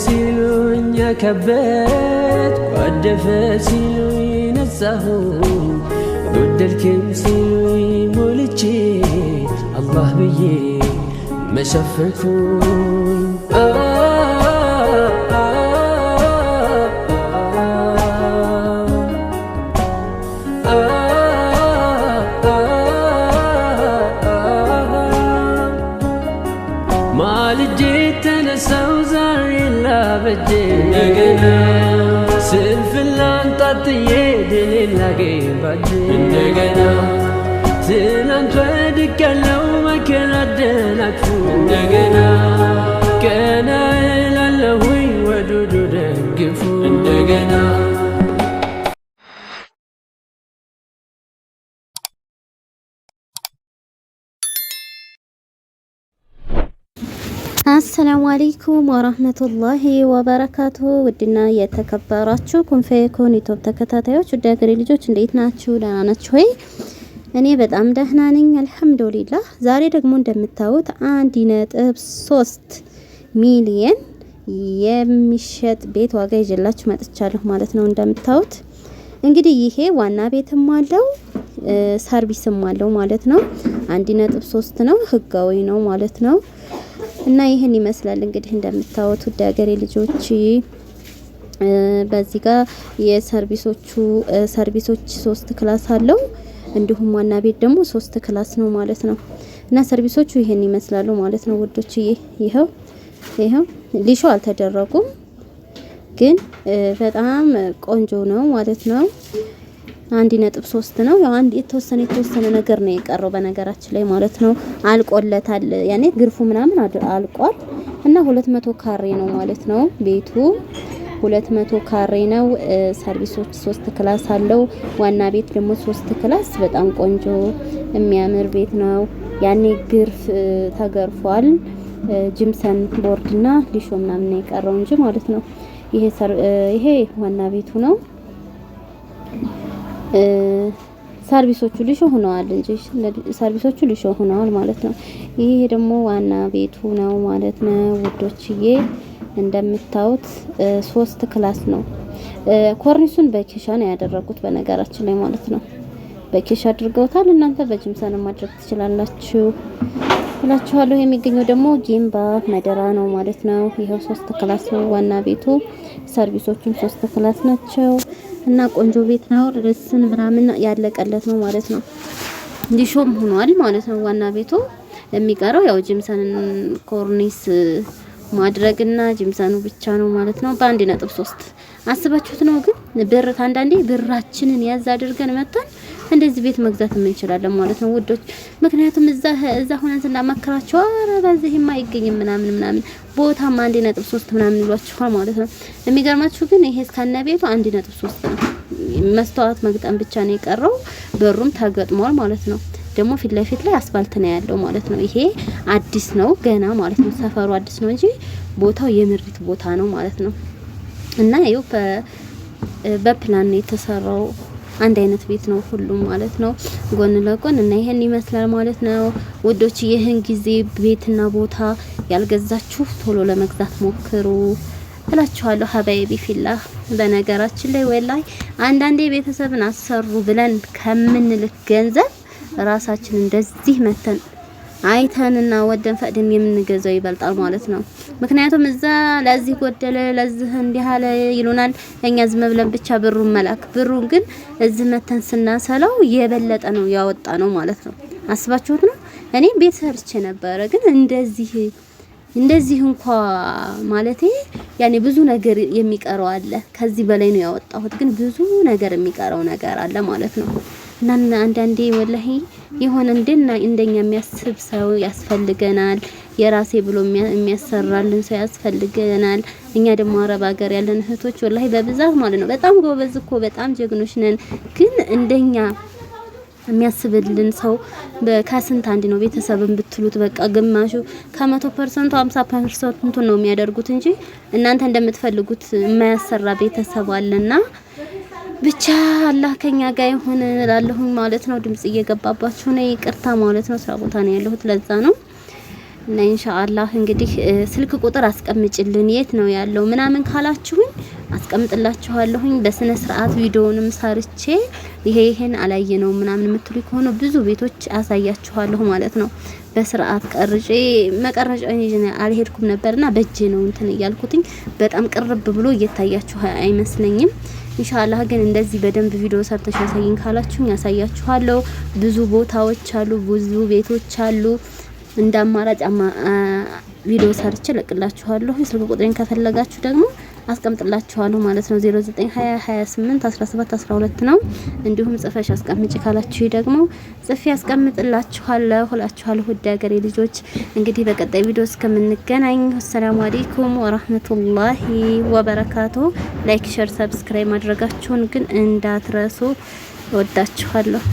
ሲሉኝ ያከበድኩ አደፈ ሲሉኝ ነሳሁ ጎደልክም ሲሉኝ ሞልቼ አላህ ብዬ መሸፈንኩኝ ማልጄ ተነሳው አብጄ እንደገና ስዕል ፍላን ጣጥዬ ድሌን ላገኝ ባጅ እንደገና ትናንት ወድቅ ያለው መከራ አደናቅፉ እንደገና ቀና እላለሁኝ ወዱዱ ደግፉ አሰላሙ አሌይኩም ወረህመቱላሂ ወበረካቱ። ውድና የተከበራችሁ ኮንፌኮን ኢትዮፕ ተከታታዮች ውድ ሀገሬ ልጆች እንዴት ናችሁ? ደህና ናችሁ ወይ? እኔ በጣም ደህና ነኝ አልሐምዱሊላህ። ዛሬ ደግሞ እንደምታዩት አንድ ነጥብ ሶስት ሚሊየን የሚሸጥ ቤት ዋጋ ይዤላችሁ መጥቻለሁ ማለት ነው። እንደምታዩት እንግዲህ ይሄ ዋና ቤትም አለው ሰርቪስም አለው ማለት ነው። አንድ ነጥብ ሶስት ነው፣ ህጋዊ ነው ማለት ነው። እና ይህን ይመስላል እንግዲህ እንደምታዩት ውድ ሀገሬ ልጆች በዚህ ጋር የሰርቪሶቹ ሰርቪሶች ሶስት ክላስ አለው እንዲሁም ዋና ቤት ደግሞ ሶስት ክላስ ነው ማለት ነው። እና ሰርቪሶቹ ይሄን ይመስላሉ ማለት ነው ውዶች። ይሄው ይሄው ሊሾ አልተደረጉም፣ ግን በጣም ቆንጆ ነው ማለት ነው። አንድ ነጥብ ሶስት ነው። ያው አንድ የተወሰነ የተወሰነ ነገር ነው የቀረው በነገራችን ላይ ማለት ነው። አልቆለታል ያኔ ግርፉ ምናምን አልቋል እና ሁለት መቶ ካሬ ነው ማለት ነው ቤቱ ሁለት መቶ ካሬ ነው። ሰርቪሶች ሶስት ክላስ አለው። ዋና ቤት ደግሞ ሶስት ክላስ። በጣም ቆንጆ የሚያምር ቤት ነው። ያኔ ግርፍ ተገርፏል። ጅምሰን ቦርድ እና ሊሾ ምናምን ነው የቀረው እንጂ ማለት ነው። ይሄ ዋና ቤቱ ነው። ሰርቪሶቹ ልሾ ሆነዋል እንጂ ሰርቪሶቹ ልሾ ሆነዋል ማለት ነው። ይሄ ደግሞ ዋና ቤቱ ነው ማለት ነው ውዶችዬ። እንደምታዩት ሶስት ክላስ ነው። ኮርኒሱን በኬሻ ነው ያደረጉት በነገራችን ላይ ማለት ነው። በኬሻ አድርገውታል። እናንተ በጅምሰን ማድረግ ትችላላችሁ እላችኋለሁ። የሚገኘው ደግሞ ጊምባ መደራ ነው ማለት ነው። ይኸው ሶስት ክላስ ነው ዋና ቤቱ። ሰርቪሶቹም ሶስት ክላስ ናቸው። እና ቆንጆ ቤት ነው። ርስን ምናምን ያለቀለት ነው ማለት ነው። ሊሾም ሆኗል ማለት ነው። ዋና ቤቱ የሚቀረው ያው ጂምሰን ኮርኒስ ማድረግና ጂምሰኑ ብቻ ነው ማለት ነው። በአንድ ነጥብ ሶስት አስባችሁት ነው ግን ብር አንዳንዴ ብራችንን ያዝ አድርገን መጣን እንደዚህ ቤት መግዛት እንችላለን ማለት ነው ውዶች። ምክንያቱም እዛ እዛ ሆነን ስናመክራቸው አረ በዚህማ አይገኝም ምናምን ምናምን ቦታም አንድ ነጥብ ሶስት ምናምን ይሏችኋል ማለት ነው። የሚገርማችሁ ግን ይሄ እስከነ ቤቱ አንድ ነጥብ ሶስት ነው። መስተዋት መግጠም ብቻ ነው የቀረው። በሩም ተገጥሟል ማለት ነው። ደግሞ ፊት ለፊት ላይ አስፋልት ነው ያለው ማለት ነው። ይሄ አዲስ ነው ገና ማለት ነው። ሰፈሩ አዲስ ነው እንጂ ቦታው የምሪት ቦታ ነው ማለት ነው። እና ይኸው በፕላን ነው የተሰራው። አንድ አይነት ቤት ነው ሁሉም ማለት ነው ጎን ለጎን እና ይሄን ይመስላል ማለት ነው ውዶች። ይህን ጊዜ ቤትና ቦታ ያልገዛችሁ ቶሎ ለመግዛት ሞክሩ እላችኋለሁ። ሀባይቢ ፊላ። በነገራችን ላይ ወላይ አንዳንዴ ቤተሰብን አሰሩ ብለን ከምንልክ ገንዘብ ራሳችን እንደዚህ መተን አይተንና ወደን ፈቅድን የምንገዛው ይበልጣል ማለት ነው። ምክንያቱም እዛ ለዚህ ጎደለ ለዚህ እንዲህ አለ ይሉናል። እኛ ዝም ብለን ብቻ ብሩን መላክ ብሩን ግን እዚህ መተን ስናሰለው የበለጠ ነው ያወጣ ነው ማለት ነው። አስባችሁት ነው። እኔ ቤት ሰርቼ ነበረ ግን እንደዚህ እንደዚህ እንኳ ማለት ያኔ ብዙ ነገር የሚቀረው አለ። ከዚህ በላይ ነው ያወጣሁት፣ ግን ብዙ ነገር የሚቀረው ነገር አለ ማለት ነው እና አንዳንዴ ወላሂ የሆነ እንደና እንደኛ የሚያስብ ሰው ያስፈልገናል። የራሴ ብሎ የሚያሰራልን ሰው ያስፈልገናል። እኛ ደግሞ አረብ ሀገር ያለን እህቶች ወላሂ በብዛት ማለት ነው በጣም ጎበዝ እኮ በጣም ጀግኖች ነን። ግን እንደኛ የሚያስብልን ሰው ከስንት አንድ ነው። ቤተሰብን ብትሉት በቃ ግማሹ ከመቶ ፐርሰንቱ ሀምሳ ነው የሚያደርጉት እንጂ እናንተ እንደምትፈልጉት የማያሰራ ቤተሰብ አለና ብቻ አላህ ከኛ ጋር ይሁን እላለሁኝ ማለት ነው። ድምጽ እየገባባችሁ ነው፣ ይቅርታ ማለት ነው። ስራ ቦታ ነው ያለሁት፣ ለዛ ነው እና ኢንሻአላህ እንግዲህ ስልክ ቁጥር አስቀምጭልን የት ነው ያለው ምናምን ካላችሁኝ አስቀምጥላችኋለሁኝ በስነ ስርዓት ቪዲዮውንም ሰርቼ ይሄ ይሄን አላየ ነው ምናምን የምትሉ ከሆነ ብዙ ቤቶች አሳያችኋለሁ ማለት ነው። በስርዓት ቀርጬ መቀረጫ አልሄድኩም ነበርና በእጄ ነው እንትን እያልኩትኝ በጣም ቅርብ ብሎ እየታያችሁ አይመስለኝም። ኢንሻአላህ ግን እንደዚህ በደንብ ቪዲዮ ሰርተሽ ያሳይን ካላችሁኝ ያሳያችኋለሁ። ብዙ ቦታዎች አሉ፣ ብዙ ቤቶች አሉ። እንደ አማራጭ ቪዲዮ ሰርቼ ለቅላችኋለሁ። ስልክ ቁጥሬን ከፈለጋችሁ ደግሞ አስቀምጥላችኋለሁ ማለት ነው። 0920281712 ነው። እንዲሁም ጽፈሽ አስቀምጪ ካላችሁ ደግሞ ጽፌ አስቀምጥላችኋለሁ እላችኋለሁ። ውድ ሀገሬ ልጆች እንግዲህ በቀጣይ ቪዲዮ እስከምንገናኝ አሰላሙ አለይኩም ወራህመቱላሂ ወበረካቱ። ላይክ፣ ሼር፣ ሰብስክራይብ ማድረጋችሁን ግን እንዳትረሱ። ወዳችኋለሁ